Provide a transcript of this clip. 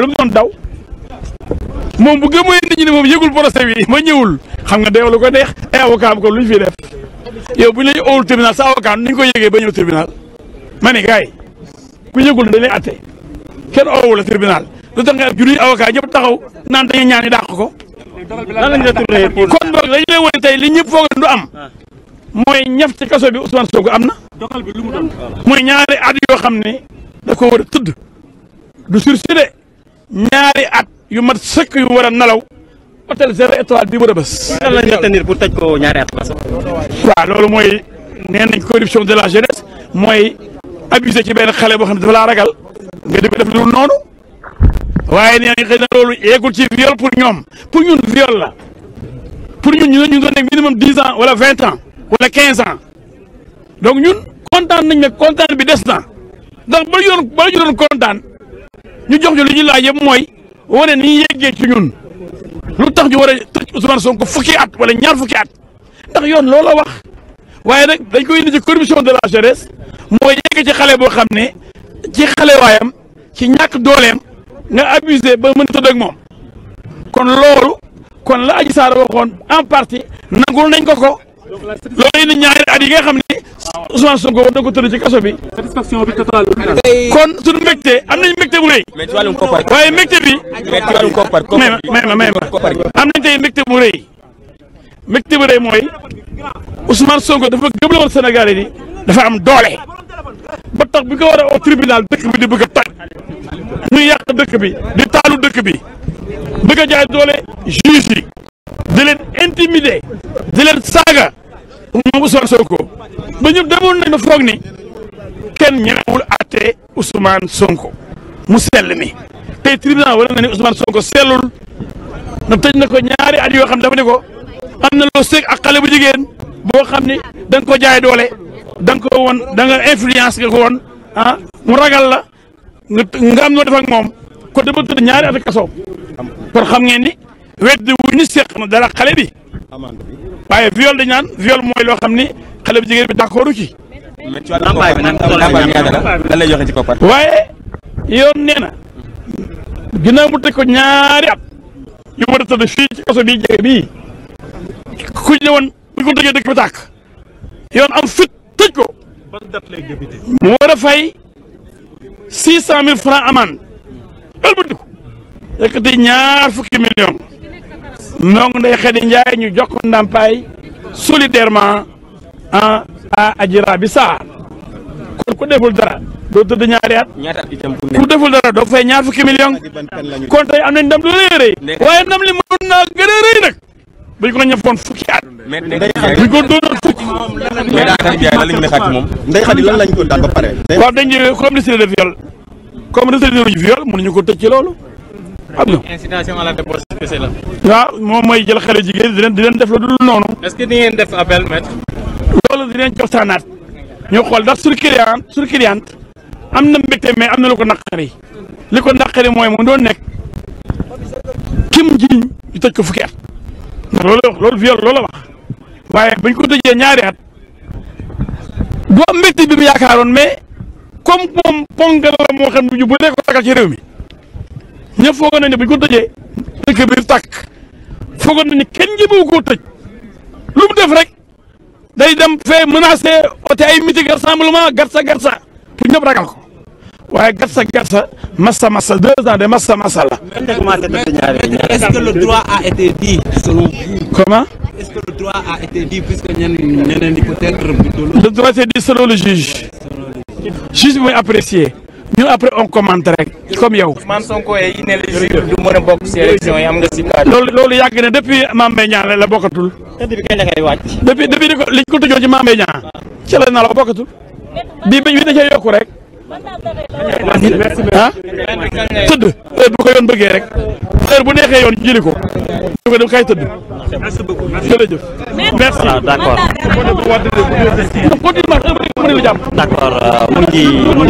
lu mu doon daw moom bu gëmooy nit ñi ne moom yëgul procès bi ma ñëwul xam nga deew lu ko neex ay avocat am ko lu ñu def yow bu ñu la sa avocat ni ñu ko yëgee ba ñëw tribunal ma ne gars yi ku yëgul ne dañ lay atte kenn owu la tribunal lu tax nga ab juróomi avocat ñëpp taxaw naan ko. kon boog dañu lay wone tey li ñëpp foog du am mooy ñaf ci kaso bi Ousmane Sonko am na mooy ñaari at yoo xam ne da ko war a tëdd du sursis de ñaari at yu mat sëkk yu war a nalaw hôtel zéro étoile bi war a bës. ko ñaari at. waaw loolu mooy nee nañ corruption de la jeunesse mooy abusé ci benn xale boo xam ne dafa laa ragal nga di ko def lu noonu waaye nee nañ xëy na loolu yeggul ci viol pour ñoom pour ñun viol la pour ñun ñu ne ñu doon nekk minimum dix ans wala vingt ans wala quinze ans donc ñun kontaan nañ ne kontaan bi des na ndax ba ñu doon ba ñu doon kontaan. ñu jox ñu li ñu laaj yëpp mooy wane ni ñu yeggee ci ñun lu tax ñu war a tëj Ousmane Sonko fukki at wala ñaar fukki at ndax yoon la wax waaye nag dañ koy indi ci corruption de la jeunesse mooy yegg ci xale boo xam ne ci xale waayam ci ñàkk dooleem nga abusé ba mën a tëdd moom kon loolu kon la aj Sarr waxoon en partie nangul nañ ko ko. loolu indi ñaari at yi nga xam ni Ousmane Sonko war na ko tëdd ci kaso bi. satisfaction bi total kon suñu mbégte am nañu mbégte bu rëy. mais waaye mbégte bi. mais ci wàllum koppar may ma may ma tey mbégte bu rëy mbégte bu rëy mooy Ousmane Sonko dafa gëm la woon Sénégal dafa am doole ba bi ko war a au tribunal dëkk bi di bëgg a muy yàq dëkk bi di taalu dëkk bi bëgg a jaay doole juge yi di leen saaga. moom Ousmane Sonko ba ñëpp demoon nañ ba foog ni kenn ñemewul àtte Ousmane Sonko mu sell mi tey tribunal wala na ni Ousmane Sonko sellul na tëj na ko ñaari at yoo xam dafa ne ko am na loo seeg ak xale bu jigéen boo xam ni danga nga ko jaay doole danga ko woon da nga influence nga ko woon a ah, mu ragal la nga am noo def ak moom kon dafa tëdd ñaari at kaso kon xam ngeen ni weddi wuñu seq na dara xale bi waaye viol dañ naan viol mooy loo xam ni xale bu jigéen bi d'accordu ci. lan waaye yoon nee na mu teg ko ñaari yu war a tëdd fii ci kaso bii jege bii ku ñu ne woon bu ko tëjee dëkk bi tàkk yoon am fit tëj mu war fay six cent mille francs amende ëlbatiku yëkkati ñaar fukki million ndong Ndeye Khady Ndiaye ñu jox ko ndàmpaay solidairement a ah, à Adjira bi Sarr kon ku deful dara doo tëdd ñaari at ku deful dara doo fay ñaar fukki million kon tey am nañ ndam lu rëy rëy waaye ndam li mën naa gën a rëy nag buñ ko ñëfoon fukki at buñ ko dóoroon fukki Ndeye Khady lan lañ ko daan ba pare waaw dañ comme décidé de viol comme décidé de viol mënuñu ko tëj loolu xam nga kese la. waaw moom mooy jël xale jigéen di leen di leen def la dul noonu. est-ce que di ñu xool ndax sur client sur client am na mbégte mais am na lu ko naqari li ko naqari mooy mu doon nekk kim jiñ ñu tëj ko fukki at ndax loolu loolu wax waaye bañ ko tëjee ñaari at du am mbégte bi mu yaakaaroon mais comme moom pongal la moo xam ne ñu bu dee ko ragal ci mi ñëpp foog nañ ne buñ ko tëjee. dëkk bi tàkk nañu kenn ñemewu koo tëj lu mu def rek day dem fee menacé oote ay meeting rassemblement gatsa gatsa pour ñëpp ragal ko waaye gatsa gatsa massa massa deux massa massa la. le droit a a di peut le droit a été dit selon le juge. mooy apprécier. ñun après on commente rek comme yow. Ousmane Sonko yi ne a bokk ci élection yi am nga loolu yàgg na depuis Mame Mbaye la bokkatul. depuis depuis li ko tëjoo ci Mame Mbaye Niang. ci la la bokkatul. bii bi da yokku rek. heure bu ko yoon bëggee rek heure bu neexee yoon jëli ko du ko dem kay tëdd jërëjëf merci d'accord mu ngi